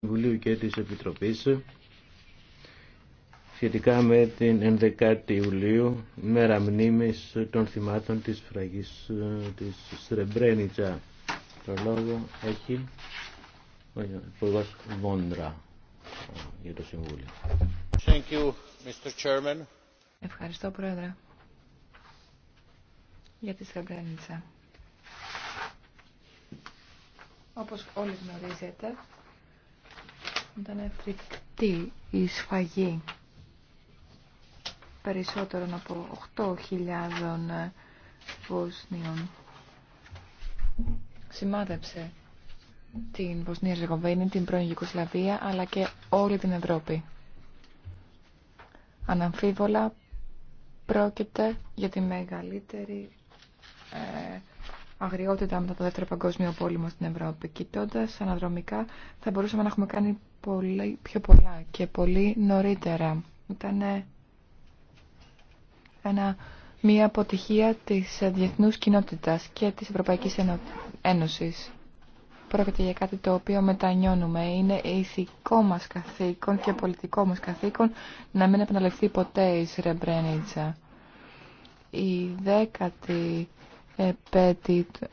Συμβουλίου και της Επιτροπής σχετικά με την 11η Ιουλίου, μέρα μνήμης των θυμάτων της φραγής της Σρεμπρένιτσα. Το λόγο έχει ο Υπουργός Βόντρα ε, για το Συμβούλιο. Thank you, Mr. Chairman. Ευχαριστώ, Πρόεδρε, για τη Σρεμπρένιτσα. Όπως όλοι γνωρίζετε, ήταν εφρικτή η σφαγή περισσότερων από 8.000 Βοσνίων. Σημάδεψε την Βοσνία Ζεγοβίνη, την πρώην Γεκοσλαβία αλλά και όλη την Ευρώπη. Αναμφίβολα πρόκειται για τη μεγαλύτερη ε, αγριότητα μετά το Δεύτερο Παγκόσμιο Πόλεμο στην Ευρώπη. Κοιτώντα αναδρομικά θα μπορούσαμε να έχουμε κάνει πολύ, πιο πολλά και πολύ νωρίτερα. Ήταν ε, ένα, μια αποτυχία της ε, διεθνούς κοινότητας και της Ευρωπαϊκής Ένωσης. Πρόκειται για κάτι το οποίο μετανιώνουμε. Είναι ηθικό μας καθήκον και πολιτικό μας καθήκον να μην επαναληφθεί ποτέ η Σρεμπρένιτσα. Η δέκατη με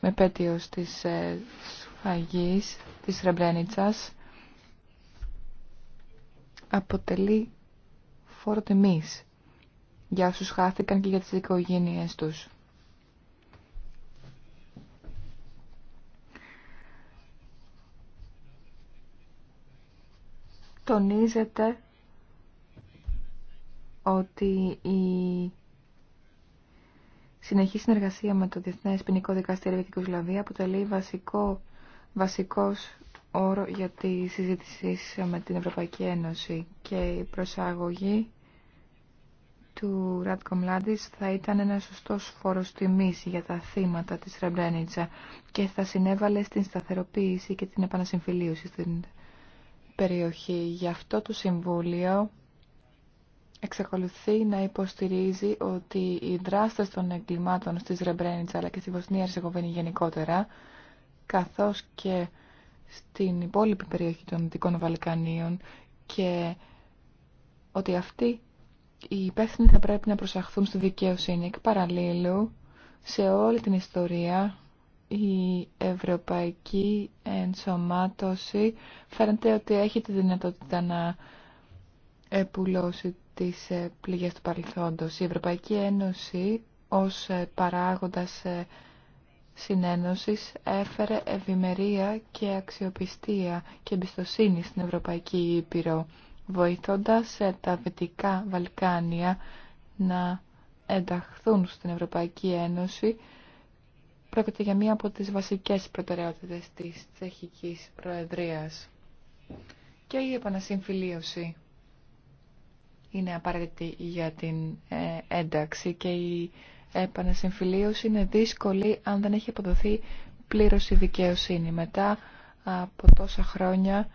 επέτειος της ε, σφαγής της Ρεμπρένιτσας αποτελεί φόρο τιμής για όσους χάθηκαν και για τις οικογένειές τους. Τονίζεται ότι η συνεχή συνεργασία με το Διεθνές Ποινικό Δικαστήριο και Κοσλαβία αποτελεί βασικό, βασικός όρο για τη συζήτηση με την Ευρωπαϊκή Ένωση και η προσαγωγή του Ράτκο Μλάντης θα ήταν ένα σωστός φόρος τιμής για τα θύματα της Ρεμπρένιτσα και θα συνέβαλε στην σταθεροποίηση και την επανασυμφιλίωση στην περιοχή. Γι' αυτό το Συμβούλιο εξακολουθεί να υποστηρίζει ότι οι δράστες των εγκλημάτων στις Ρεμπρένιτσα αλλά και στη Βοσνία Ερσεγοβίνη γενικότερα καθώς και στην υπόλοιπη περιοχή των Δυτικών Βαλκανίων και ότι αυτοί οι υπεύθυνοι θα πρέπει να προσαχθούν στη δικαιοσύνη και παραλλήλου σε όλη την ιστορία η ευρωπαϊκή ενσωμάτωση φαίνεται ότι έχει τη δυνατότητα να επουλώσει τις ε, πληγές του παρελθόντος. Η Ευρωπαϊκή Ένωση ως ε, παράγοντας ε, συνένωσης έφερε ευημερία και αξιοπιστία και εμπιστοσύνη στην Ευρωπαϊκή Ήπειρο, βοηθώντας τα Βετικά Βαλκάνια να ενταχθούν στην Ευρωπαϊκή Ένωση. Πρόκειται για μία από τις βασικές προτεραιότητες της Τσεχικής Προεδρίας. Και η επανασυμφιλίωση είναι απαραίτητη για την ε, ένταξη και η επανασυμφιλίωση είναι δύσκολη αν δεν έχει αποδοθεί πλήρωση η δικαιοσύνη. Μετά από τόσα χρόνια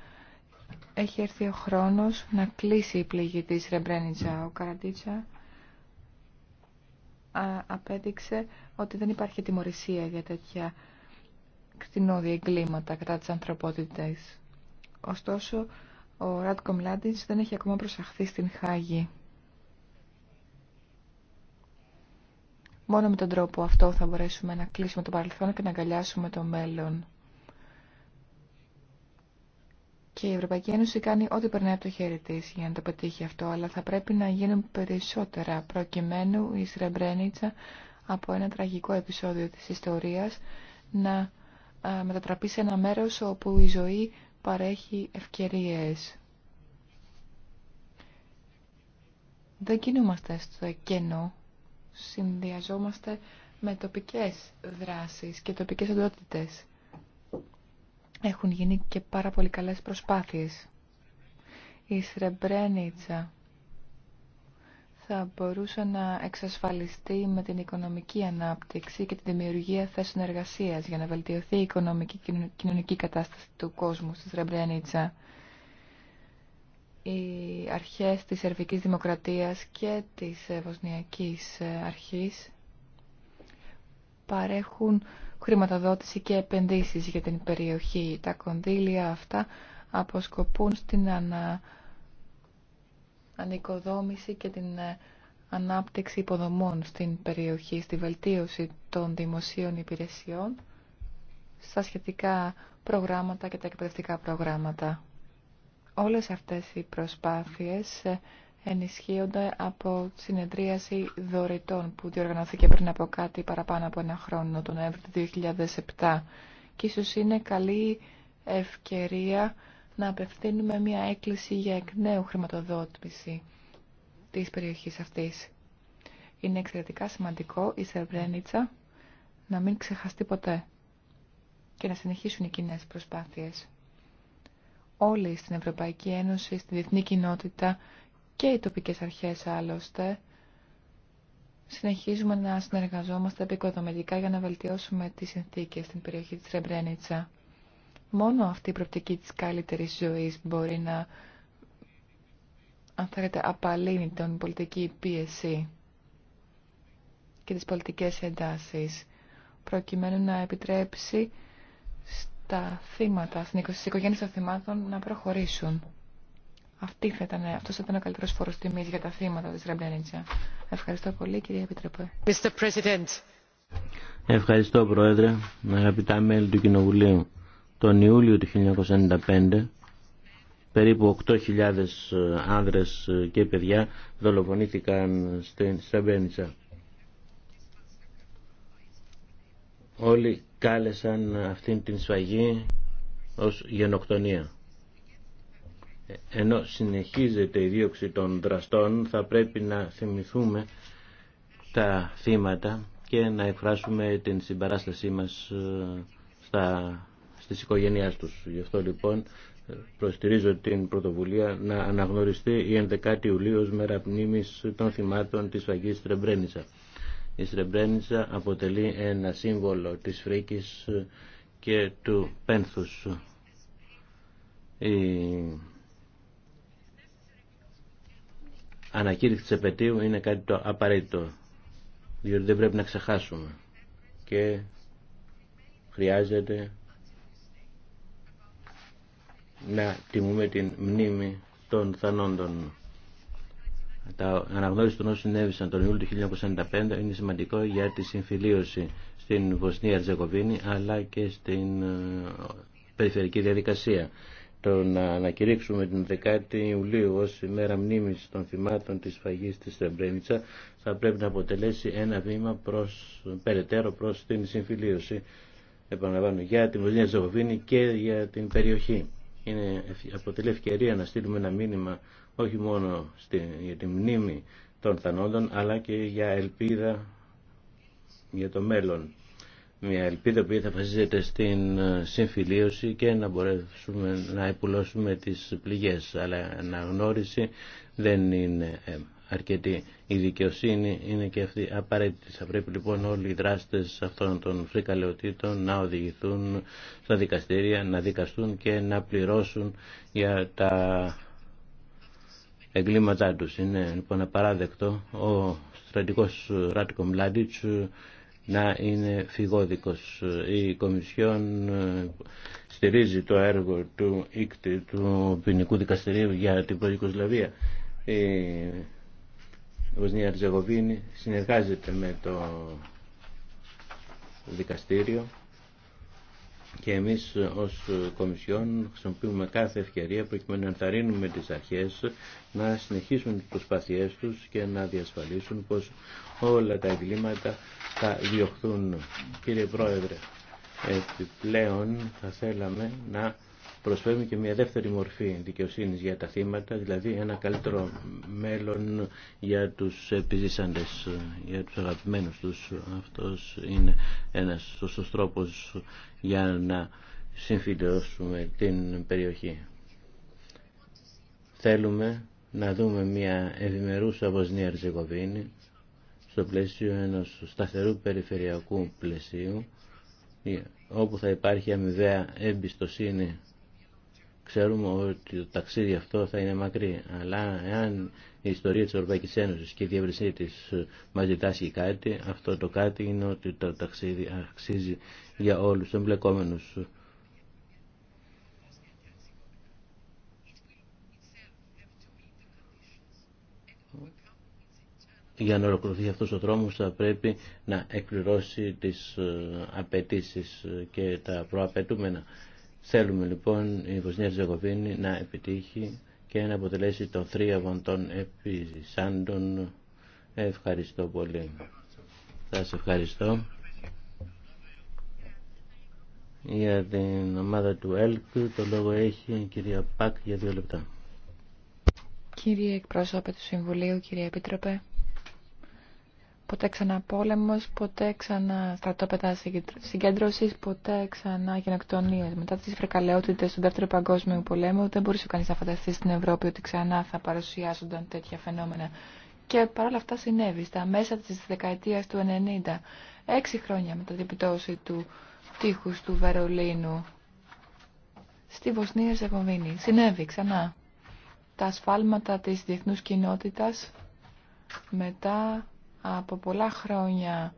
έχει έρθει ο χρόνος να κλείσει η πληγή της Ρεμπρένιτσα. Ο Καραντίτσα απέδειξε ότι δεν υπάρχει τιμωρησία για τέτοια κτηνόδια εγκλήματα κατά της ανθρωπότητας. Ωστόσο, ο Ράτκο Μλάντινς δεν έχει ακόμα προσαχθεί στην Χάγη. Μόνο με τον τρόπο αυτό θα μπορέσουμε να κλείσουμε το παρελθόν και να αγκαλιάσουμε το μέλλον. Και η Ευρωπαϊκή Ένωση κάνει ό,τι περνάει από το χέρι τη για να το πετύχει αυτό, αλλά θα πρέπει να γίνουν περισσότερα προκειμένου η Σρεμπρένιτσα από ένα τραγικό επεισόδιο της ιστορίας να μετατραπεί σε ένα μέρος όπου η ζωή παρέχει ευκαιρίες. Δεν κινούμαστε στο κενό, συνδυαζόμαστε με τοπικές δράσεις και τοπικές εντότητες. Έχουν γίνει και πάρα πολύ καλές προσπάθειες. Η Σρεμπρένιτσα θα μπορούσε να εξασφαλιστεί με την οικονομική ανάπτυξη και τη δημιουργία θέσεων εργασίας για να βελτιωθεί η οικονομική και κοινωνική κατάσταση του κόσμου στη Σρεμπρενίτσα. Οι αρχές της Σερβικής Δημοκρατίας και της ε, Βοσνιακής ε, Αρχής παρέχουν χρηματοδότηση και επενδύσεις για την περιοχή. Τα κονδύλια αυτά αποσκοπούν στην ανα ανοικοδόμηση και την ε, ανάπτυξη υποδομών στην περιοχή, στη βελτίωση των δημοσίων υπηρεσιών, στα σχετικά προγράμματα και τα εκπαιδευτικά προγράμματα. Όλες αυτές οι προσπάθειες ε, ενισχύονται από συνεδρίαση δωρητών που διοργανώθηκε πριν από κάτι παραπάνω από ένα χρόνο, τον Νοέμβριο του 2007. Και ίσως είναι καλή ευκαιρία να απευθύνουμε μια έκκληση για εκ νέου χρηματοδότηση της περιοχής αυτής. Είναι εξαιρετικά σημαντικό η Σερβρένιτσα να μην ξεχαστεί ποτέ και να συνεχίσουν οι κοινέ προσπάθειες. Όλοι στην Ευρωπαϊκή Ένωση, στη διεθνή κοινότητα και οι τοπικές αρχές άλλωστε συνεχίζουμε να συνεργαζόμαστε επικοδομητικά για να βελτιώσουμε τις συνθήκες στην περιοχή της Ρεμπρένιτσα. Μόνο αυτή η προπτική της καλύτερης ζωής μπορεί να, αν θέλετε, απαλύνει τον πολιτική πίεση και τις πολιτικές εντάσεις, προκειμένου να επιτρέψει στα θύματα, στις οικογένεια των θυμάτων να προχωρήσουν. Αυτή θα ήταν, αυτός θα ήταν ο καλύτερος φόρος τιμής για τα θύματα της Ρεμπλένιτσα. Ευχαριστώ πολύ κυρία Επιτροπέ. Ευχαριστώ Πρόεδρε, αγαπητά μέλη του Κοινοβουλίου τον Ιούλιο του 1995 περίπου 8.000 ε, άνδρες ε, και παιδιά δολοφονήθηκαν στην Σαμπένιτσα. Όλοι κάλεσαν αυτήν την σφαγή ως γενοκτονία. Ε, ενώ συνεχίζεται η δίωξη των δραστών θα πρέπει να θυμηθούμε τα θύματα και να εκφράσουμε την συμπαράστασή μας στα της οικογένειάς τους. Γι' αυτό λοιπόν προστηρίζω την πρωτοβουλία να αναγνωριστεί η 11η Ιουλίου ως μέρα μνήμης των θυμάτων της φαγής Στρεμπρένιτσα. Η ιουλιου αποτελεί ένα σύμβολο της φρίκης και του πένθους. Η ανακήρυξη της επαιτίου είναι κάτι το απαραίτητο, διότι δεν πρέπει να ξεχάσουμε και χρειάζεται να τιμούμε την μνήμη των θανόντων. Τα αναγνώριση των όσων συνέβησαν τον Ιούλιο του 1995 είναι σημαντικό για τη συμφιλίωση στην Βοσνία Ριζεγοβίνη αλλά και στην ε, περιφερική διαδικασία. Το να ανακηρύξουμε την 10η Ιουλίου ως ημέρα μνήμης των θυμάτων της φαγής της Στεμπρέμιτσα θα πρέπει να αποτελέσει ένα βήμα προς, περαιτέρω προς την συμφιλίωση επαναλαμβάνω, για την Βοσνία Ζεγοβίνη και για την περιοχή είναι, αποτελεί ευκαιρία να στείλουμε ένα μήνυμα όχι μόνο στη, για τη μνήμη των θανόντων αλλά και για ελπίδα για το μέλλον. Μια ελπίδα που θα βασίζεται στην ε, συμφιλίωση και να μπορέσουμε να επουλώσουμε τις πληγές. Αλλά αναγνώριση δεν είναι ε, αρκετή. Η δικαιοσύνη είναι και αυτή απαραίτητη. Θα πρέπει λοιπόν όλοι οι δράστες αυτών των φρικαλαιοτήτων να οδηγηθούν στα δικαστήρια, να δικαστούν και να πληρώσουν για τα εγκλήματά τους. Είναι λοιπόν απαράδεκτο ο στρατικός Ράτικο Μλάντιτς να είναι φυγόδικος. Η Κομισιόν ε, στηρίζει το έργο του Ίκτη του ποινικού δικαστηρίου για την Προϊκοσλαβία. Βοσνία Ερζεγοβίνη συνεργάζεται με το δικαστήριο και εμείς ως Κομισιόν χρησιμοποιούμε κάθε ευκαιρία προκειμένου να ενθαρρύνουμε τις αρχές να συνεχίσουν τις προσπάθειές τους και να διασφαλίσουν πως όλα τα εγκλήματα θα διωχθούν. Κύριε Πρόεδρε, επιπλέον θα θέλαμε να Προσφέρουμε και μια δεύτερη μορφή δικαιοσύνη για τα θύματα, δηλαδή ένα καλύτερο μέλλον για τους επιζήσαντες, για τους αγαπημένου του. Αυτός είναι ένας σωστό τρόπος για να συμφιλειώσουμε την περιοχή. Θέλουμε να δούμε μια ευημερούσα Βοσνία Ερζεγοβίνη στο πλαίσιο ενός σταθερού περιφερειακού πλαισίου όπου θα υπάρχει αμοιβαία εμπιστοσύνη Ξέρουμε ότι το ταξίδι αυτό θα είναι μακρύ, αλλά εάν η ιστορία της Ευρωπαϊκής Ένωσης και η διεύρυνσή της ε, μας διτάσχει κάτι, αυτό το κάτι είναι ότι το ταξίδι αξίζει για όλους τους εμπλεκόμενους. για να ολοκληρωθεί αυτός ο τρόμος θα πρέπει να εκπληρώσει τις ε, απαιτήσεις ε, και τα προαπαιτούμενα. Θέλουμε λοιπόν η Βοσνία Ζεγοβίνη να επιτύχει και να αποτελέσει το θρίαβο των επισάντων. Ευχαριστώ πολύ. Θα σε ευχαριστώ. Για την ομάδα του ΕΛΚ το λόγο έχει η κυρία Πακ για δύο λεπτά. Κύριε εκπρόσωπε του Συμβουλίου, κύριε Επίτροπε, Ποτέ ξανά πόλεμος, ποτέ ξανά στρατόπεδα συγκέντρωσης, ποτέ ξανά γενοκτονίες. Μετά τις φρικαλαιότητες του Δεύτερου Παγκόσμιου Πολέμου δεν μπορούσε κανείς να φανταστεί στην Ευρώπη ότι ξανά θα παρουσιάζονταν τέτοια φαινόμενα. Και παρόλα αυτά συνέβη στα μέσα της δεκαετίας του 90, έξι χρόνια μετά την επιτώση του τείχους του Βερολίνου, στη Βοσνία Ζεγοβίνη. Συνέβη ξανά. Τα ασφάλματα της διεθνούς κοινότητας μετά από πολλά χρόνια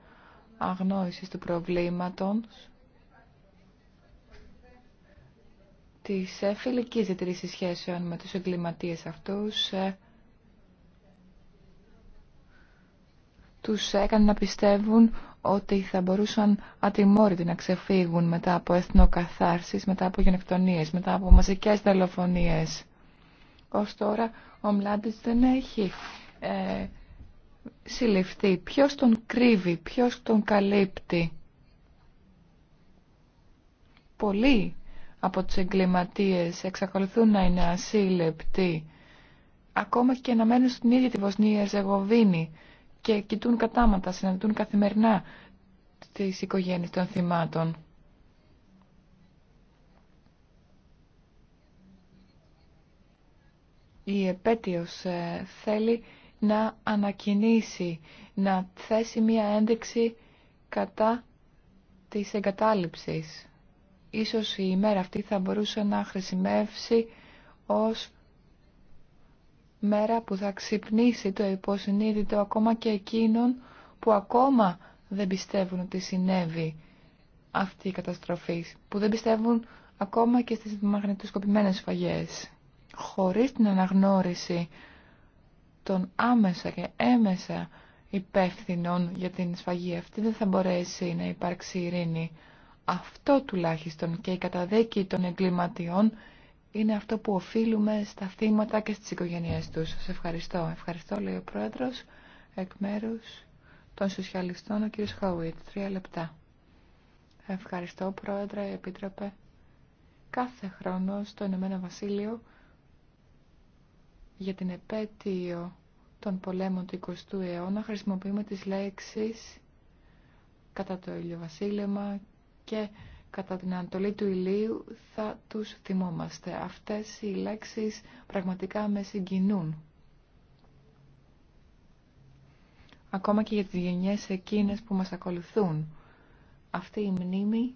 αγνόησης του προβλήματος της φιλικής διατηρήσης σχέσεων με τους εγκληματίες αυτούς ε, τους έκανε να πιστεύουν ότι θα μπορούσαν ατιμόρυτοι να ξεφύγουν μετά από εθνοκαθάρσεις, μετά από γενεκτονίες, μετά από μαζικές δολοφονίες. Ως τώρα ο Μλάντης δεν έχει ε, συλληφθεί, ποιος τον κρύβει, ποιος τον καλύπτει. Πολλοί από τους εγκληματίες εξακολουθούν να είναι ασύλληπτοι, ακόμα και να μένουν στην ίδια τη Βοσνία Ζεγοβίνη και κοιτούν κατάματα, συναντούν καθημερινά τις οικογένειες των θυμάτων. Η επέτειος ε, θέλει να ανακοινήσει, να θέσει μία ένδειξη κατά της εγκατάληψης. Ίσως η ημέρα αυτή θα μπορούσε να χρησιμεύσει ως μέρα που θα ξυπνήσει το υποσυνείδητο ακόμα και εκείνων που ακόμα δεν πιστεύουν ότι συνέβη αυτή η καταστροφή, που δεν πιστεύουν ακόμα και στις μαγνητοσκοπημένες φαγές. Χωρίς την αναγνώριση των άμεσα και έμεσα υπεύθυνων για την σφαγή αυτή δεν θα μπορέσει να υπάρξει ειρήνη. Αυτό τουλάχιστον και η καταδίκη των εγκληματιών είναι αυτό που οφείλουμε στα θύματα και στις οικογένειές τους. Σας ευχαριστώ. Ευχαριστώ, λέει ο Πρόεδρος, εκ μέρους των Σοσιαλιστών, ο κ. Χαουίτ. Τρία λεπτά. Ευχαριστώ, Πρόεδρε, Επίτροπε. Κάθε χρόνο στο Ηνωμένο Βασίλειο για την επέτειο των πολέμων του 20ου αιώνα χρησιμοποιούμε τις λέξεις κατά το ηλιοβασίλεμα και κατά την Ανατολή του ηλίου θα τους θυμόμαστε. Αυτές οι λέξεις πραγματικά με συγκινούν. Ακόμα και για τις γενιές εκείνες που μας ακολουθούν. Αυτή η μνήμη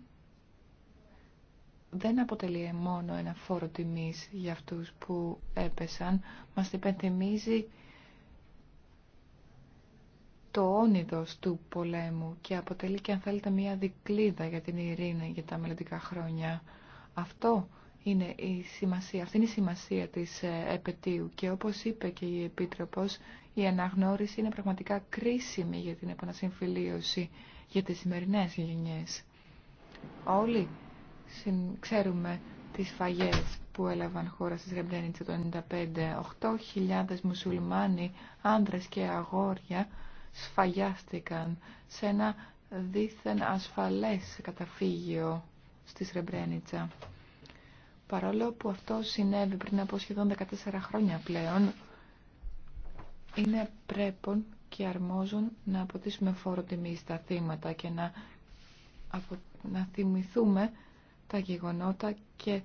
δεν αποτελεί μόνο ένα φόρο τιμής για αυτούς που έπεσαν. Μας υπενθυμίζει το όνειδος του πολέμου και αποτελεί και αν θέλετε μια δικλίδα για την ειρήνη για τα μελλοντικά χρόνια. Αυτό είναι η σημασία, αυτή είναι η σημασία της ε, επαιτίου και όπως είπε και η Επίτροπος, η αναγνώριση είναι πραγματικά κρίσιμη για την επανασυμφιλίωση για τις σημερινές γενιές. Όλοι ξέρουμε τις φαγές που έλαβαν χώρα στη Σρεμπρένιτσα το 1995. 8.000 μουσουλμάνοι, άντρες και αγόρια, σφαγιάστηκαν σε ένα δίθεν ασφαλές καταφύγιο στη Σρεμπρένιτσα. Παρόλο που αυτό συνέβη πριν από σχεδόν 14 χρόνια πλέον, είναι πρέπον και αρμόζουν να αποτίσουμε φόρο τιμή στα θύματα και να, να θυμηθούμε τα γεγονότα και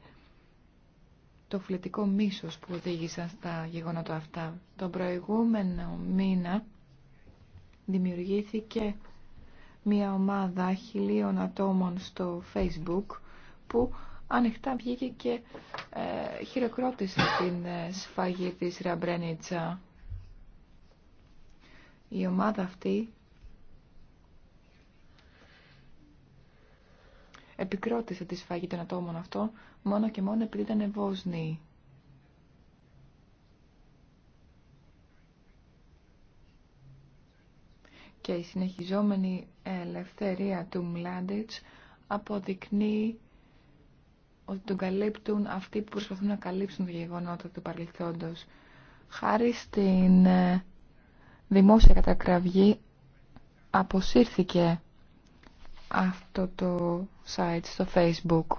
το φλετικό μίσος που οδήγησαν στα γεγονότα αυτά. Τον προηγούμενο μήνα δημιουργήθηκε μια ομάδα χιλίων ατόμων στο Facebook που ανοιχτά βγήκε και ε, χειροκρότησε την ε, σφαγή της Ραμπρένιτσα. Η ομάδα αυτή επικρότησε τη σφαγή των ατόμων αυτών μόνο και μόνο επειδή ήταν ευώσνοι. Και η συνεχιζόμενη ελευθερία του Μλάντιτς αποδεικνύει ότι τον καλύπτουν αυτοί που προσπαθούν να καλύψουν τα γεγονότα του παρελθόντος. Χάρη στην ε, δημόσια κατακραυγή αποσύρθηκε αυτό το site στο facebook.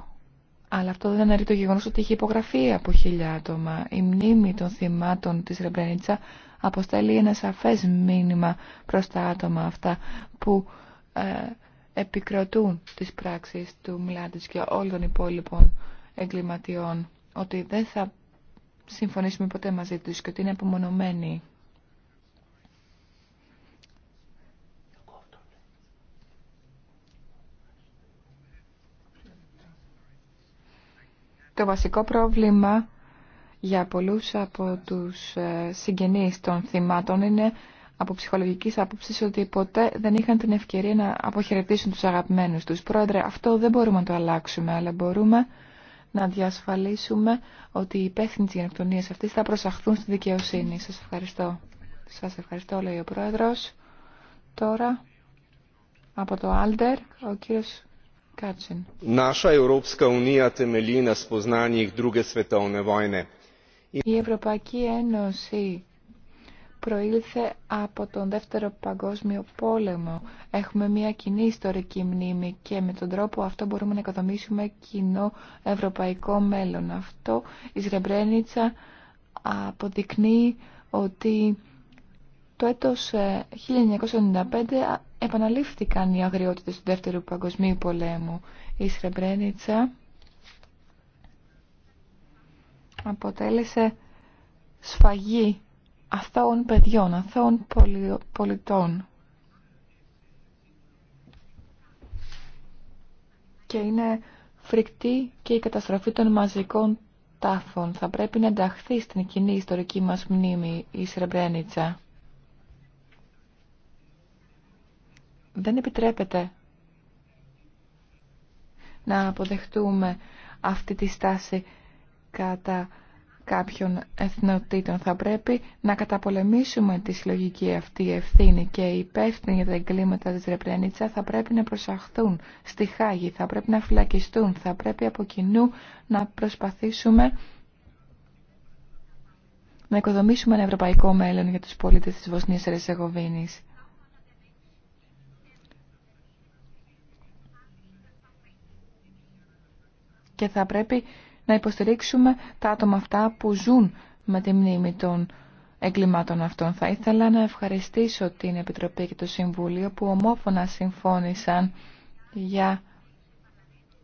Αλλά αυτό δεν είναι το γεγονός ότι έχει υπογραφεί από χιλιά άτομα. Η μνήμη των θυμάτων της Ρεμπρένιτσα αποστέλει ένα σαφές μήνυμα προς τα άτομα αυτά που ε, επικροτούν τις πράξεις του Μλάντης και όλων των υπόλοιπων εγκληματιών ότι δεν θα συμφωνήσουμε ποτέ μαζί τους και ότι είναι απομονωμένοι Το βασικό πρόβλημα για πολλούς από τους ε, συγγενείς των θυμάτων είναι από ψυχολογικής άποψης ότι ποτέ δεν είχαν την ευκαιρία να αποχαιρετήσουν τους αγαπημένους τους. Πρόεδρε, αυτό δεν μπορούμε να το αλλάξουμε, αλλά μπορούμε να διασφαλίσουμε ότι οι υπεύθυνοι της γενοκτονίας αυτής θα προσαχθούν στη δικαιοσύνη. Σας ευχαριστώ. Σας ευχαριστώ, λέει ο Πρόεδρος. Τώρα, από το Άλτερ, ο κύριος η Ευρωπαϊκή Ένωση προήλθε από τον Δεύτερο Παγκόσμιο Πόλεμο. Έχουμε μια κοινή ιστορική μνήμη και με τον τρόπο αυτό μπορούμε να οικοδομήσουμε κοινό ευρωπαϊκό μέλλον. Αυτό η Σρεμπρένιτσα αποδεικνύει ότι το έτος 1995 ε, επαναλήφθηκαν οι αγριότητες του Δεύτερου Παγκοσμίου Πολέμου. Η Σρεμπρένιτσα αποτέλεσε σφαγή αθώων παιδιών, αθώων πολιτών. Και είναι φρικτή και η καταστροφή των μαζικών τάφων. Θα πρέπει να ενταχθεί στην κοινή ιστορική μας μνήμη η Σρεμπρένιτσα. δεν επιτρέπεται να αποδεχτούμε αυτή τη στάση κατά κάποιων εθνοτήτων. Θα πρέπει να καταπολεμήσουμε τη συλλογική αυτή ευθύνη και οι υπεύθυνοι για τα εγκλήματα της Ρεπρενίτσα θα πρέπει να προσαχθούν στη Χάγη, θα πρέπει να φυλακιστούν, θα πρέπει από κοινού να προσπαθήσουμε να οικοδομήσουμε ένα ευρωπαϊκό μέλλον για τους πολίτες της Βοσνίας Ρεσεγοβίνης. και θα πρέπει να υποστηρίξουμε τα άτομα αυτά που ζουν με τη μνήμη των εγκλημάτων αυτών. Θα ήθελα να ευχαριστήσω την Επιτροπή και το Συμβούλιο που ομόφωνα συμφώνησαν για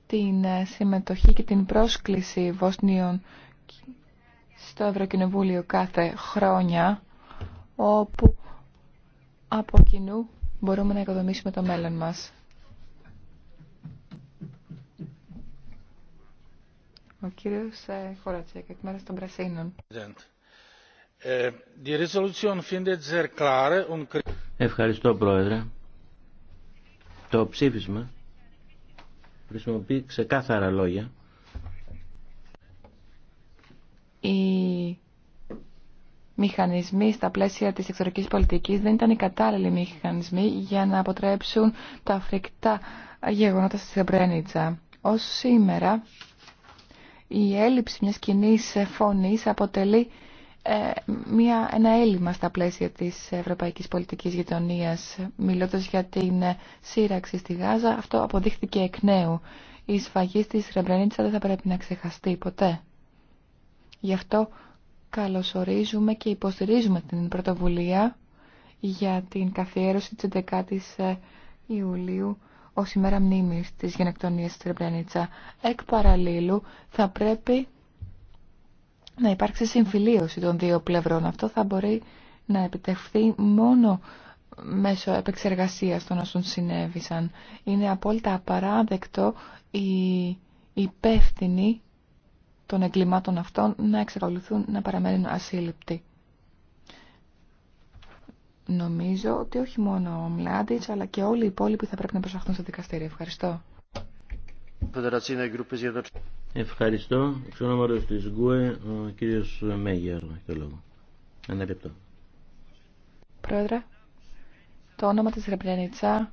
την ε, συμμετοχή και την πρόσκληση Βοσνίων στο Ευρωκοινοβούλιο κάθε χρόνια όπου από κοινού μπορούμε να οικοδομήσουμε το μέλλον μας. Ο κύριος ε, Χωρατσέκ, εκ μέρους των Πρασίνων. Ε, Ευχαριστώ, Πρόεδρε. Το ψήφισμα χρησιμοποιεί ξεκάθαρα λόγια. Οι μηχανισμοί στα πλαίσια της εξωτερικής πολιτικής δεν ήταν οι κατάλληλοι μηχανισμοί για να αποτρέψουν τα φρικτά γεγονότα στη Σεμπρένιτσα. Ως σήμερα η έλλειψη μιας κοινή φωνής αποτελεί ε, μια, ένα έλλειμμα στα πλαίσια της ευρωπαϊκής πολιτικής γειτονίας. Μιλώντας για την σύραξη στη Γάζα, αυτό αποδείχθηκε εκ νέου. Η σφαγή στη Σρεμπρενίτσα δεν θα πρέπει να ξεχαστεί ποτέ. Γι' αυτό καλωσορίζουμε και υποστηρίζουμε την πρωτοβουλία για την καθιέρωση της 11ης Ιουλίου ως ημέρα μνήμης της γενεκτονίας της Τρεμπλένιτσα. Εκ παραλλήλου θα πρέπει να υπάρξει συμφιλίωση των δύο πλευρών. Αυτό θα μπορεί να επιτευχθεί μόνο μέσω επεξεργασίας των όσων συνέβησαν. Είναι απόλυτα απαράδεκτο η υπεύθυνοι των εγκλημάτων αυτών να εξακολουθούν να παραμένουν ασύλληπτοι. Νομίζω ότι όχι μόνο ο Μλάντιτς, αλλά και όλοι οι υπόλοιποι θα πρέπει να προσαχθούν στο δικαστήριο. Ευχαριστώ. Ευχαριστώ. Ξενόμαρος της ΓΚΟΕ, ο κύριος Μέγερ, το λόγο. Ένα λεπτό. Πρόεδρε, το όνομα της Ρεμπλιανίτσα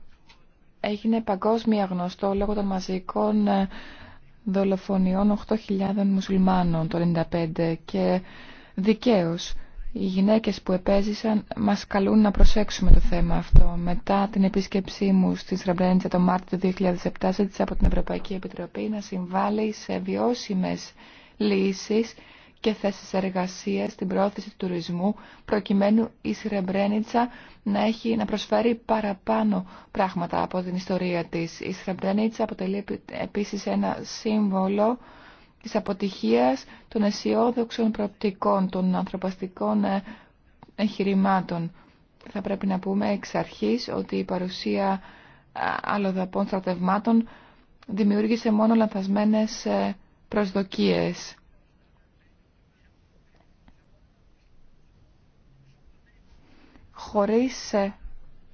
έγινε παγκόσμια γνωστό λόγω των μαζικών ε, δολοφονιών 8.000 μουσουλμάνων το 1995 και δικαίως οι γυναίκες που επέζησαν μας καλούν να προσέξουμε το θέμα αυτό. Μετά την επίσκεψή μου στη Σραμπρένιτσα το Μάρτιο του 2007 ζήτησα από την Ευρωπαϊκή Επιτροπή να συμβάλλει σε βιώσιμες λύσεις και θέσεις εργασίας στην πρόθεση του τουρισμού προκειμένου η Σρεμπρένιτσα να, έχει, να προσφέρει παραπάνω πράγματα από την ιστορία της. Η Σρεμπρένιτσα αποτελεί επίσης ένα σύμβολο της αποτυχίας των αισιόδοξων προοπτικών, των ανθρωπαστικών ε, εγχειρημάτων. Θα πρέπει να πούμε εξ αρχής ότι η παρουσία ε, αλλοδαπών στρατευμάτων δημιούργησε μόνο λανθασμένες ε, προσδοκίες. Χωρίς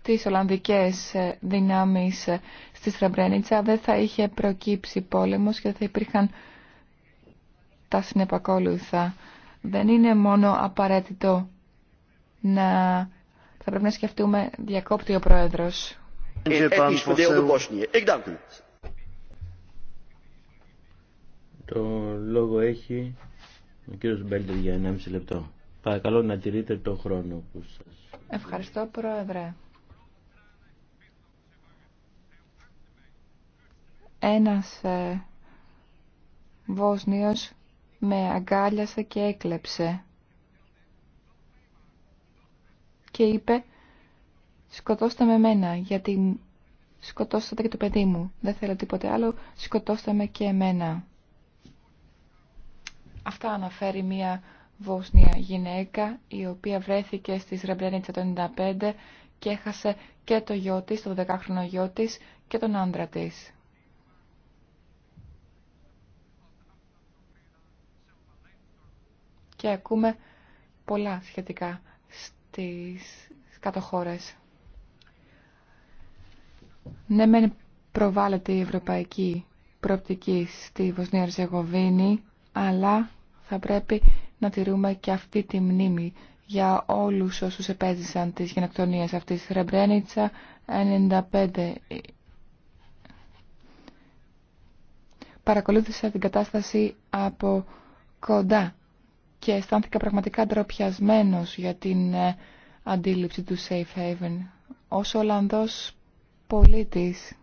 τις Ολλανδικές δυνάμεις στη Σραμπρένιτσα δεν θα είχε προκύψει πόλεμος και δεν θα υπήρχαν τα συνεπακόλουθα. Δεν είναι μόνο απαραίτητο να... Θα πρέπει να σκεφτούμε διακόπτει ο Πρόεδρος. Το λόγο έχει ο κύριος Μπέλτερ για 1,5 λεπτό. Παρακαλώ να τηρείτε το χρόνο που σας... Ευχαριστώ Πρόεδρε. Ένας ε, Βόσνιος με αγκάλιασε και έκλεψε και είπε «Σκοτώστε με μένα, γιατί σκοτώσατε και το παιδί μου. Δεν θέλω τίποτε άλλο, σκοτώστε με και εμένα». Αυτά αναφέρει μία Βόσνια γυναίκα, η οποία βρέθηκε στις Ρεμπλένιτσα το 1995 και έχασε και το γιο της, το 12χρονο γιο της και τον άντρα της. και ακούμε πολλά σχετικά στις κατοχώρες. Ναι, μεν προβάλλεται η ευρωπαϊκή προοπτική στη Βοσνία Ριζεγοβίνη, αλλά θα πρέπει να τηρούμε και αυτή τη μνήμη για όλους όσους επέζησαν τις γενοκτονίες αυτής. Ρεμπρένιτσα 95. Παρακολούθησα την κατάσταση από κοντά και αισθάνθηκα πραγματικά ντροπιασμένο για την ε, αντίληψη του Safe Haven. Ως Ολλανδός πολίτης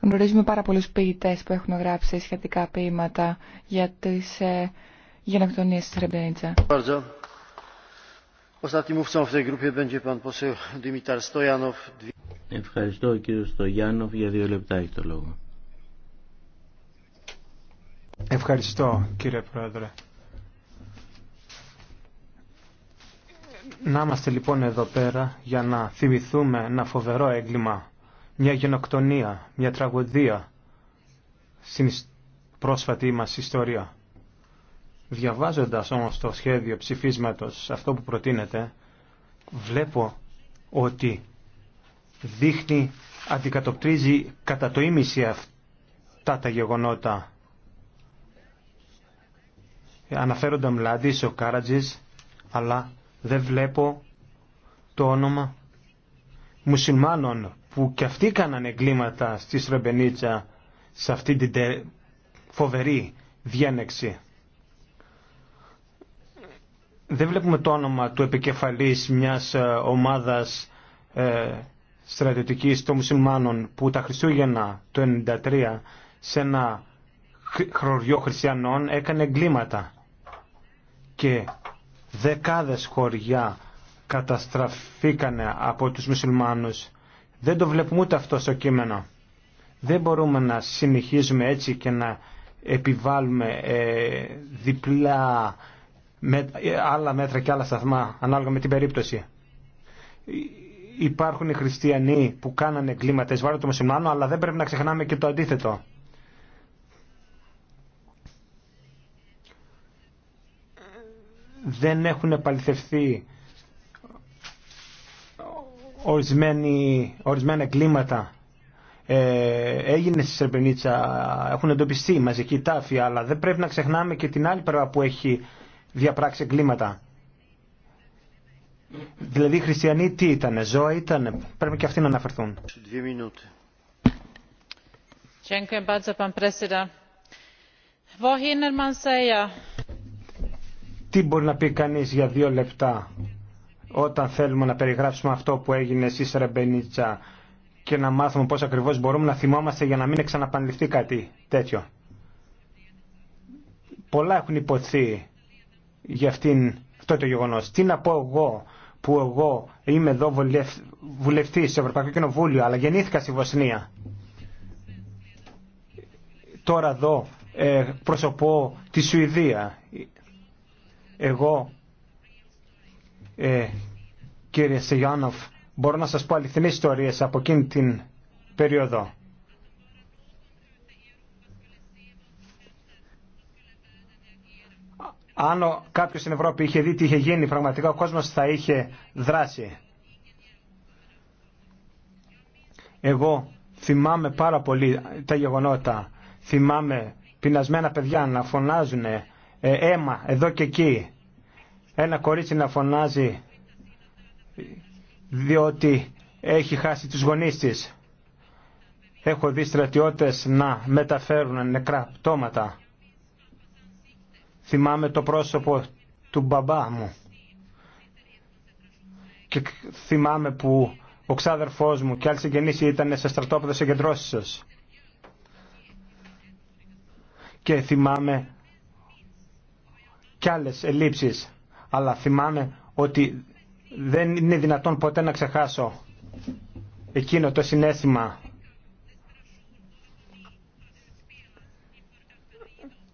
Γνωρίζουμε πάρα πολλούς ποιητές που έχουν γράψει σχετικά ποίηματα για τις ε, γενοκτονίες της Στοιανοφ. Ευχαριστώ κύριο Στογιάννοφ για δύο λεπτά έχει το λόγο. Ευχαριστώ κύριε Πρόεδρε. Να είμαστε λοιπόν εδώ πέρα για να θυμηθούμε ένα φοβερό έγκλημα, μια γενοκτονία, μια τραγωδία στην πρόσφατη μας ιστορία. Διαβάζοντας όμως το σχέδιο ψηφίσματος, αυτό που προτείνεται, βλέπω ότι δείχνει, αντικατοπτρίζει κατά το ίμιση αυτά τα γεγονότα. Αναφέρονται ο Μλάντης, ο Κάρατζης, αλλά δεν βλέπω το όνομα μουσουλμάνων που κι αυτοί κάνανε εγκλήματα στη Σρεμπενίτσα σε αυτή την φοβερή διένεξη. Δεν βλέπουμε το όνομα του επικεφαλής μιας ε, ομάδας ε, στρατιωτικής των μουσουλμάνων που τα Χριστούγεννα το 1993 σε ένα χωριό χριστιανών έκανε εγκλήματα και δεκάδες χωριά καταστραφήκανε από τους μουσουλμάνους. Δεν το βλέπουμε ούτε αυτό στο κείμενο. Δεν μπορούμε να συνεχίζουμε έτσι και να επιβάλλουμε ε, διπλά με, ε, άλλα μέτρα και άλλα σταθμά ανάλογα με την περίπτωση υπάρχουν οι χριστιανοί που κάνανε εγκλήματα εις βάρος του αλλά δεν πρέπει να ξεχνάμε και το αντίθετο. Δεν έχουν επαληθευθεί ορισμένοι, ορισμένα εγκλήματα. Ε, έγινε στη Σερπενίτσα, έχουν εντοπιστεί μαζική τάφη, αλλά δεν πρέπει να ξεχνάμε και την άλλη πέρα που έχει διαπράξει εγκλήματα. Δηλαδή οι χριστιανοί τι ήταν, ζώα ήταν, πρέπει και αυτοί να αναφερθούν. Τι μπορεί να πει κανεί για δύο λεπτά όταν θέλουμε να περιγράψουμε αυτό που έγινε στη Σρεμπενίτσα και να μάθουμε πώ ακριβώ μπορούμε να θυμόμαστε για να μην ξαναπανληφθεί κάτι τέτοιο. Πολλά έχουν υποθεί για αυτό το γεγονό. Τι να πω εγώ που εγώ είμαι εδώ βουλευτής στο Ευρωπαϊκό Κοινοβούλιο αλλά γεννήθηκα στη Βοσνία τώρα εδώ ε, προσωπώ τη Σουηδία εγώ ε, κύριε Σιγιάνοφ μπορώ να σας πω αληθινές ιστορίες από εκείνη την περίοδο Αν κάποιο στην Ευρώπη είχε δει τι είχε γίνει, πραγματικά ο κόσμος θα είχε δράσει. Εγώ θυμάμαι πάρα πολύ τα γεγονότα. Θυμάμαι πεινασμένα παιδιά να φωνάζουν αίμα ε, εδώ και εκεί. Ένα κορίτσι να φωνάζει διότι έχει χάσει τους γονείς της. Έχω δει στρατιώτες να μεταφέρουν νεκρά πτώματα. Θυμάμαι το πρόσωπο του μπαμπά μου και θυμάμαι που ο ξάδερφός μου και άλλοι συγγενείς ήταν σε στρατόπεδο κεντρώσεις Και θυμάμαι κι άλλες ελλείψεις, αλλά θυμάμαι ότι δεν είναι δυνατόν ποτέ να ξεχάσω εκείνο το συνέστημα.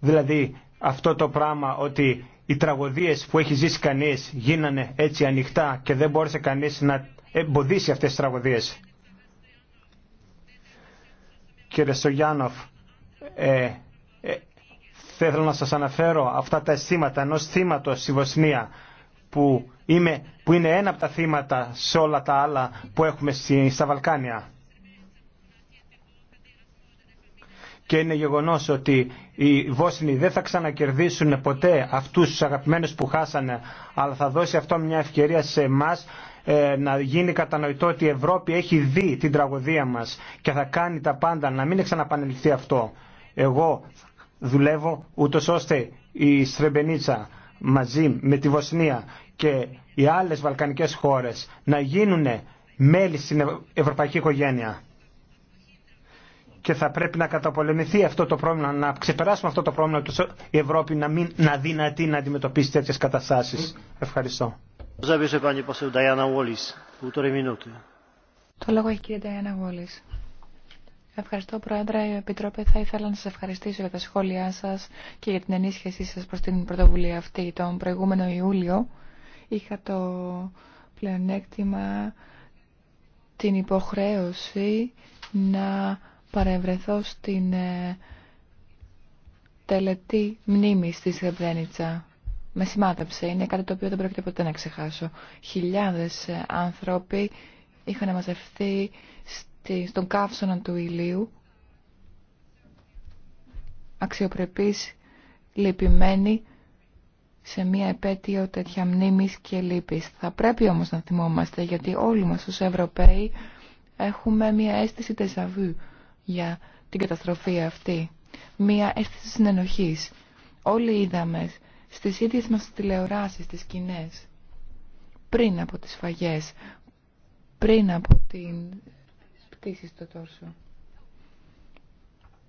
Δηλαδή αυτό το πράγμα ότι οι τραγωδίες που έχει ζήσει κανείς γίνανε έτσι ανοιχτά και δεν μπόρεσε κανείς να εμποδίσει αυτές τις τραγωδίες. Κύριε Σογιάνοφ, ε, ε, θέλω να σας αναφέρω αυτά τα αισθήματα ενός θύματο στη Βοσνία που, που είναι ένα από τα θύματα σε όλα τα άλλα που έχουμε στα Βαλκάνια. και είναι γεγονός ότι οι Βόσνοι δεν θα ξανακερδίσουν ποτέ αυτούς τους αγαπημένους που χάσανε αλλά θα δώσει αυτό μια ευκαιρία σε εμά ε, να γίνει κατανοητό ότι η Ευρώπη έχει δει την τραγωδία μας και θα κάνει τα πάντα να μην ξαναπανεληφθεί αυτό. Εγώ δουλεύω ούτω ώστε η Στρεμπενίτσα μαζί με τη Βοσνία και οι άλλες βαλκανικές χώρες να γίνουν μέλη στην ευρωπαϊκή οικογένεια και θα πρέπει να καταπολεμηθεί αυτό το πρόβλημα, να ξεπεράσουμε αυτό το πρόβλημα του η Ευρώπη να μην να δυνατή να αντιμετωπίσει τέτοιε καταστάσει. Ευχαριστώ. Το λόγο έχει κυρία Νταϊάννα Γόλη. Ευχαριστώ, Πρόεδρε. Η Επιτροπή θα ήθελα να σα ευχαριστήσω για τα σχόλιά σα και για την ενίσχυσή σα προ την πρωτοβουλία αυτή. Τον προηγούμενο Ιούλιο είχα το πλεονέκτημα την υποχρέωση να παρευρεθώ στην ε, τελετή μνήμης της Ρεμπρένιτσα. Με σημάδεψε, είναι κάτι το οποίο δεν πρέπει ποτέ να ξεχάσω. Χιλιάδες ε, άνθρωποι είχαν μαζευτεί στον καύσωνα του ηλίου, αξιοπρεπείς, λυπημένοι, σε μια επέτειο τέτοια μνήμης και λύπης. Θα πρέπει όμως να θυμόμαστε, γιατί όλοι μας ως Ευρωπαίοι έχουμε μια αίσθηση τεζαβού για την καταστροφή αυτή. Μία αίσθηση συνενοχής. Όλοι είδαμε στις ίδιες μας τηλεοράσεις, στις κοινέ, πριν από τις φαγές, πριν από την πτήση στο τόρσο.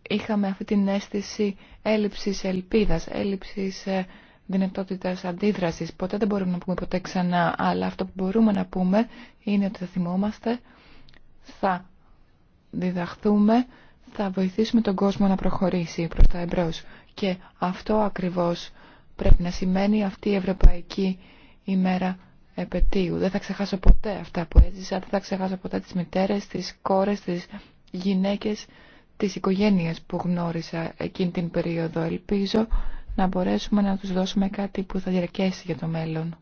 Είχαμε αυτή την αίσθηση έλλειψης ελπίδας, έλλειψης ε, δυνατότητας αντίδρασης. Ποτέ δεν μπορούμε να πούμε ποτέ ξανά, αλλά αυτό που μπορούμε να πούμε είναι ότι θα θυμόμαστε, θα διδαχθούμε θα βοηθήσουμε τον κόσμο να προχωρήσει προς τα εμπρός. Και αυτό ακριβώς πρέπει να σημαίνει αυτή η Ευρωπαϊκή ημέρα επαιτίου. Δεν θα ξεχάσω ποτέ αυτά που έζησα, δεν θα ξεχάσω ποτέ τις μητέρες, τις κόρες, τις γυναίκες, τις οικογένειες που γνώρισα εκείνη την περίοδο. Ελπίζω να μπορέσουμε να τους δώσουμε κάτι που θα διαρκέσει για το μέλλον.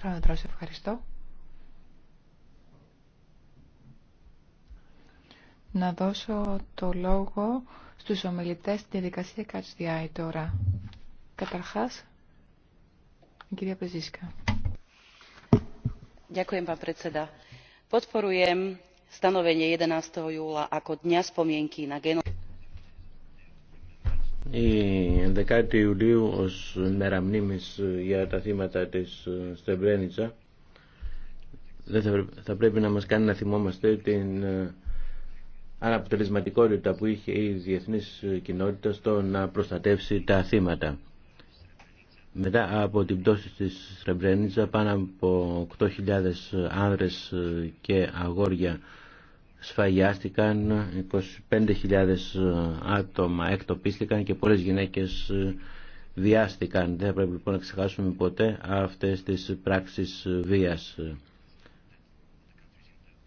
Πρόεδρος, ευχαριστώ. να δώσω το λόγο στους ομιλητές στη διαδικασία ΚΑΤΣΔΙ τώρα. Καταρχάς, η κυρία Πεζίσκα. Η 11η Ιουλίου ως μέρα μνήμης για τα θύματα της ε, Στεμπρένιτσα δεν θα πρέπει να μας κάνει να θυμόμαστε την ε, αναποτελεσματικότητα που είχε η διεθνή κοινότητα στο να προστατεύσει τα θύματα. Μετά από την πτώση της Σρεμπρένιτσα πάνω από 8.000 άνδρες και αγόρια σφαγιάστηκαν, 25.000 άτομα εκτοπίστηκαν και πολλές γυναίκες διάστηκαν. Δεν πρέπει λοιπόν να ξεχάσουμε ποτέ αυτές τις πράξεις βίας.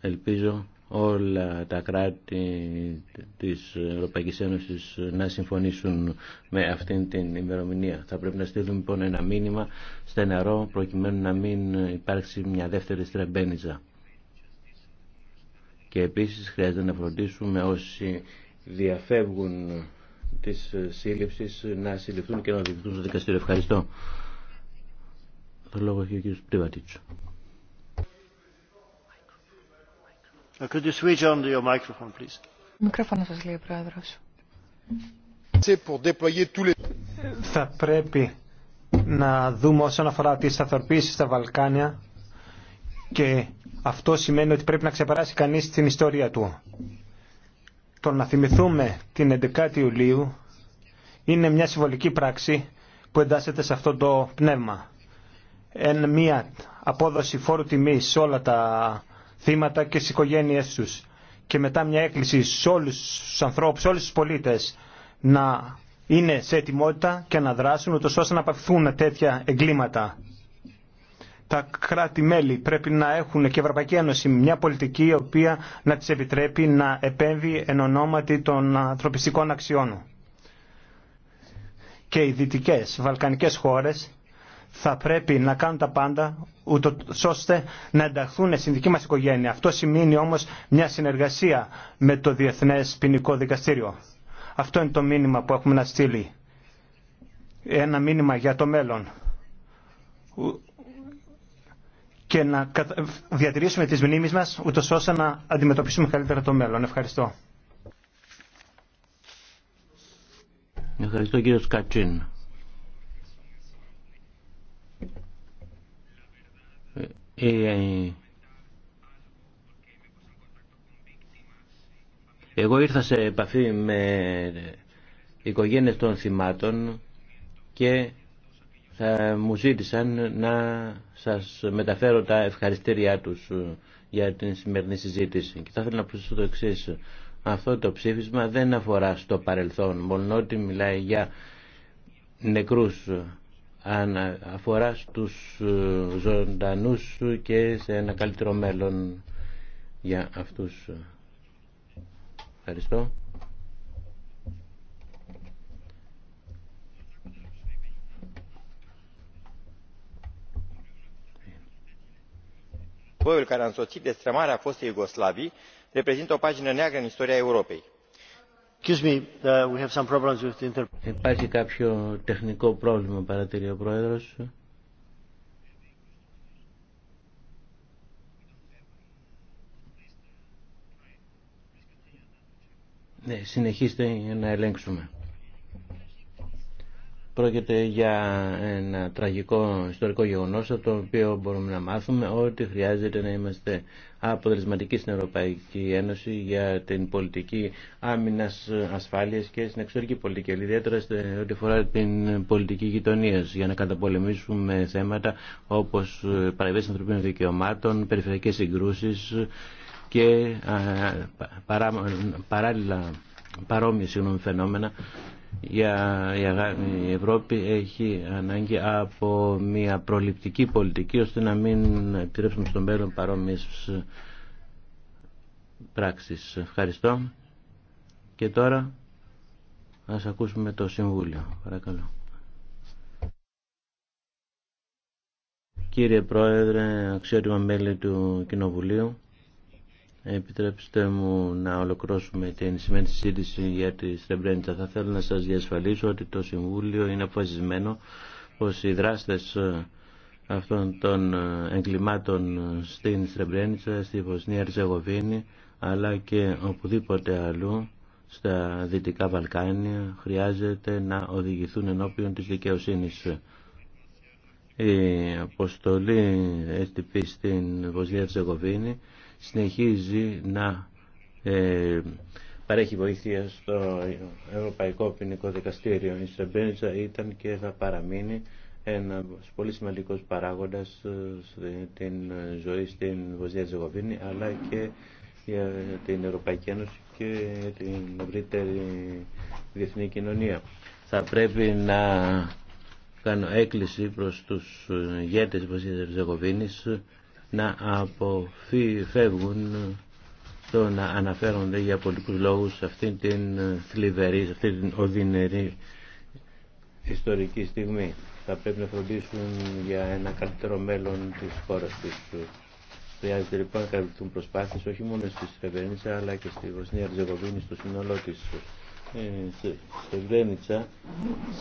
Ελπίζω όλα τα κράτη της Ευρωπαϊκής Ένωσης να συμφωνήσουν με αυτήν την ημερομηνία. Θα πρέπει να στείλουμε λοιπόν ένα μήνυμα στεναρό προκειμένου να μην υπάρξει μια δεύτερη στρεμπένιζα. Και επίσης χρειάζεται να φροντίσουμε όσοι διαφεύγουν της σύλληψης να συλληφθούν και να οδηγηθούν στο δικαστήριο. Ευχαριστώ. Το λόγο έχει ο κ. Θα πρέπει να δούμε όσον αφορά τις σταθεροποίηση στα Βαλκάνια και αυτό σημαίνει ότι πρέπει να ξεπεράσει κανείς την ιστορία του. Το να θυμηθούμε την 11η Ιουλίου είναι μια συμβολική πράξη που εντάσσεται σε αυτό το πνεύμα. Εν μια απόδοση φόρου τιμής σε όλα τα θύματα και στις οικογένειές τους. Και μετά μια έκκληση σε όλους τους ανθρώπους, σε όλους τους πολίτες να είναι σε ετοιμότητα και να δράσουν ούτως ώστε να απαυθούν τέτοια εγκλήματα. Τα κράτη-μέλη πρέπει να έχουν και η Ευρωπαϊκή Ένωση μια πολιτική η οποία να τις επιτρέπει να επέμβει εν ονόματι των ανθρωπιστικών αξιών. Και οι δυτικές βαλκανικές χώρες θα πρέπει να κάνουν τα πάντα ούτω ώστε να ενταχθούν στην δική μας οικογένεια. Αυτό σημαίνει όμως μια συνεργασία με το Διεθνές Ποινικό Δικαστήριο. Αυτό είναι το μήνυμα που έχουμε να στείλει. Ένα μήνυμα για το μέλλον. Και να διατηρήσουμε τις μνήμες μας ούτω ώστε να αντιμετωπίσουμε καλύτερα το μέλλον. Ευχαριστώ. Ευχαριστώ κύριο Σκατσίν. Εγώ ήρθα σε επαφή με οικογένειες των θυμάτων και θα μου ζήτησαν να σας μεταφέρω τα ευχαριστήριά τους για την σημερινή συζήτηση. Και θα ήθελα να προσθέσω το εξή. Αυτό το ψήφισμα δεν αφορά στο παρελθόν, μόνο ότι μιλάει για νεκρούς αφορά στους ζωντανούς και σε ένα καλύτερο μέλλον για αυτούς. Ευχαριστώ. Boiul care a însoțit destrămarea fostei Iugoslavii reprezintă o pagină neagră în istoria Europei Uh, Υπάρχει κάποιο τεχνικό πρόβλημα παρατηρεί ο Πρόεδρος. Ναι, συνεχίστε να ελέγξουμε. Πρόκειται για ένα τραγικό ιστορικό γεγονός από το οποίο μπορούμε να μάθουμε ότι χρειάζεται να είμαστε αποτελεσματικοί στην Ευρωπαϊκή Ένωση για την πολιτική άμυνας ασφάλειας και στην εξωτερική πολιτική, ιδιαίτερα ό,τι φορά την πολιτική γειτονία για να καταπολεμήσουμε θέματα όπως παραβίαση ανθρωπίνων δικαιωμάτων, περιφερειακές συγκρούσεις και παρά, παράλληλα παρόμοια φαινόμενα για η Ευρώπη έχει ανάγκη από μια προληπτική πολιτική ώστε να μην επιτρέψουμε στο μέλλον παρόμοιες πράξεις. Ευχαριστώ. Και τώρα ας ακούσουμε το Συμβούλιο. Παρακαλώ. Κύριε Πρόεδρε, αξιότιμα μέλη του Κοινοβουλίου, Επιτρέψτε μου να ολοκληρώσουμε την σημαντική συζήτηση για τη Στρεμπρέντσα. Θα θέλω να σας διασφαλίσω ότι το Συμβούλιο είναι αποφασισμένο πως οι δράστες ε, αυτών των ε, εγκλημάτων στην Στρεμπρέντσα, στη Βοσνία Ριζεγοβίνη, αλλά και οπουδήποτε αλλού στα Δυτικά Βαλκάνια χρειάζεται να οδηγηθούν ενώπιον της δικαιοσύνης. Η αποστολή STP στην Βοσνία Ριζεγοβίνη συνεχίζει να ε, παρέχει βοήθεια στο Ευρωπαϊκό Ποινικό Δικαστήριο. Η Σεμπένιτσα ήταν και θα παραμείνει ένα πολύ σημαντικό παράγοντας ε, στην ζωή στην Βοσνία Ζεγοβίνη αλλά και για την Ευρωπαϊκή Ένωση και την ευρύτερη διεθνή κοινωνία. Θα πρέπει να κάνω έκκληση προς τους ηγέτες της Ζεγοβίνης να αποφύγουν το να αναφέρονται για πολλούς λόγους σε αυτήν την θλιβερή, σε αυτήν την οδυνερή ιστορική στιγμή. Θα πρέπει να φροντίσουν για ένα καλύτερο μέλλον της χώρας της. Χρειάζεται λοιπόν να καλυφθούν προσπάθειες όχι μόνο στη Σρεβενίτσα αλλά και στη Βοσνία Ριζεγοβίνη στο σύνολό της. Ε, Σρεβενίτσα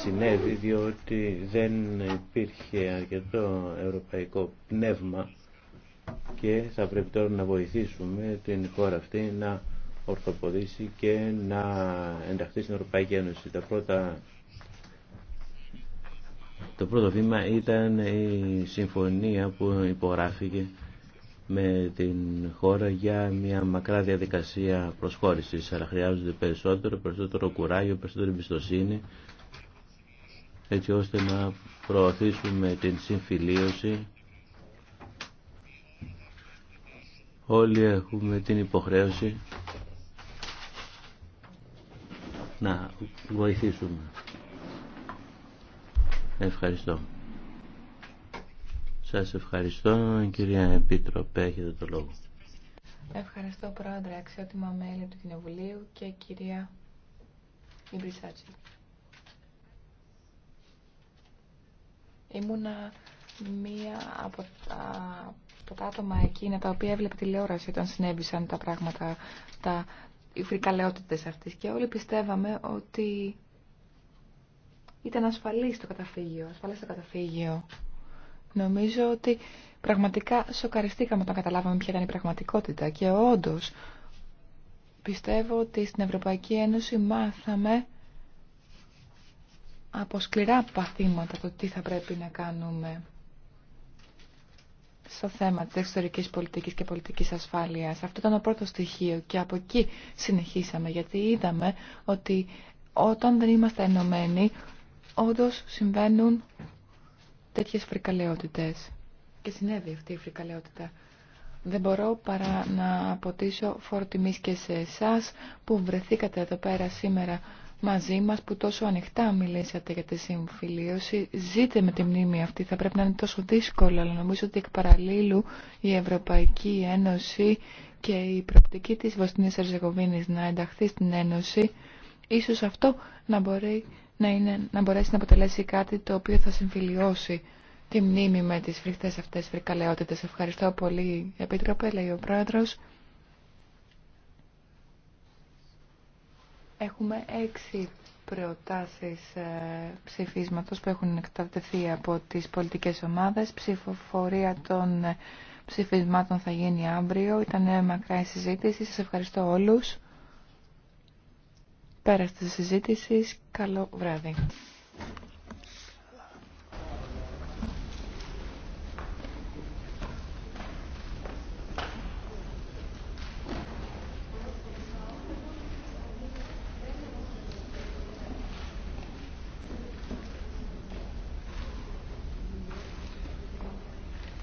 συνέβη διότι δεν υπήρχε αρκετό ευρωπαϊκό πνεύμα και θα πρέπει τώρα να βοηθήσουμε την χώρα αυτή να ορθοποδήσει και να ενταχθεί στην Ευρωπαϊκή Ένωση. Το πρώτο βήμα ήταν η συμφωνία που υπογράφηκε με την χώρα για μια μακρά διαδικασία προσχώρησης, αλλά χρειάζονται περισσότερο, περισσότερο κουράγιο, περισσότερη εμπιστοσύνη, έτσι ώστε να προωθήσουμε την συμφιλίωση όλοι έχουμε την υποχρέωση να βοηθήσουμε. Ευχαριστώ. Σας ευχαριστώ κυρία Επίτροπε, έχετε το λόγο. Ευχαριστώ πρόεδρε, αξιότιμα μέλη του Κοινοβουλίου και κυρία Ιμπρισάτσι. Ήμουνα μία από τα από τα άτομα εκείνα τα οποία έβλεπε τηλεόραση όταν συνέβησαν τα πράγματα, τα, οι φρικαλαιότητες αυτής. Και όλοι πιστεύαμε ότι ήταν ασφαλή το καταφύγιο, ασφαλές το καταφύγιο. Νομίζω ότι πραγματικά σοκαριστήκαμε όταν καταλάβαμε ποια ήταν η πραγματικότητα και όντως πιστεύω ότι στην Ευρωπαϊκή Ένωση μάθαμε από σκληρά παθήματα το τι θα πρέπει να κάνουμε στο θέμα της εξωτερικής πολιτικής και πολιτικής ασφάλειας. Αυτό ήταν το πρώτο στοιχείο και από εκεί συνεχίσαμε γιατί είδαμε ότι όταν δεν είμαστε ενωμένοι όντω συμβαίνουν τέτοιες φρικαλαιότητες. Και συνέβη αυτή η φρικαλαιότητα. Δεν μπορώ παρά να αποτίσω φόρο και σε εσάς που βρεθήκατε εδώ πέρα σήμερα μαζί μας που τόσο ανοιχτά μιλήσατε για τη συμφιλίωση. Ζείτε με τη μνήμη αυτή, θα πρέπει να είναι τόσο δύσκολο, αλλά νομίζω ότι εκ παραλίλου η Ευρωπαϊκή Ένωση και η προπτική της Βοσνίας Αρζεγοβίνης να ενταχθεί στην Ένωση, ίσως αυτό να, μπορεί, να, είναι, να μπορέσει να αποτελέσει κάτι το οποίο θα συμφιλιώσει τη μνήμη με τις φρικτές αυτές φρικαλαιότητες. Ευχαριστώ πολύ, Επίτροπε, λέει ο Πρόεδρος. Έχουμε έξι προτάσεις ε, ψηφίσματος που έχουν εκτατεθεί από τις πολιτικές ομάδες. Ψηφοφορία των ε, ψηφισμάτων θα γίνει αύριο. Ήταν μακρά η συζήτηση. Σας ευχαριστώ όλους. Πέρα τη συζήτηση. Καλό βράδυ.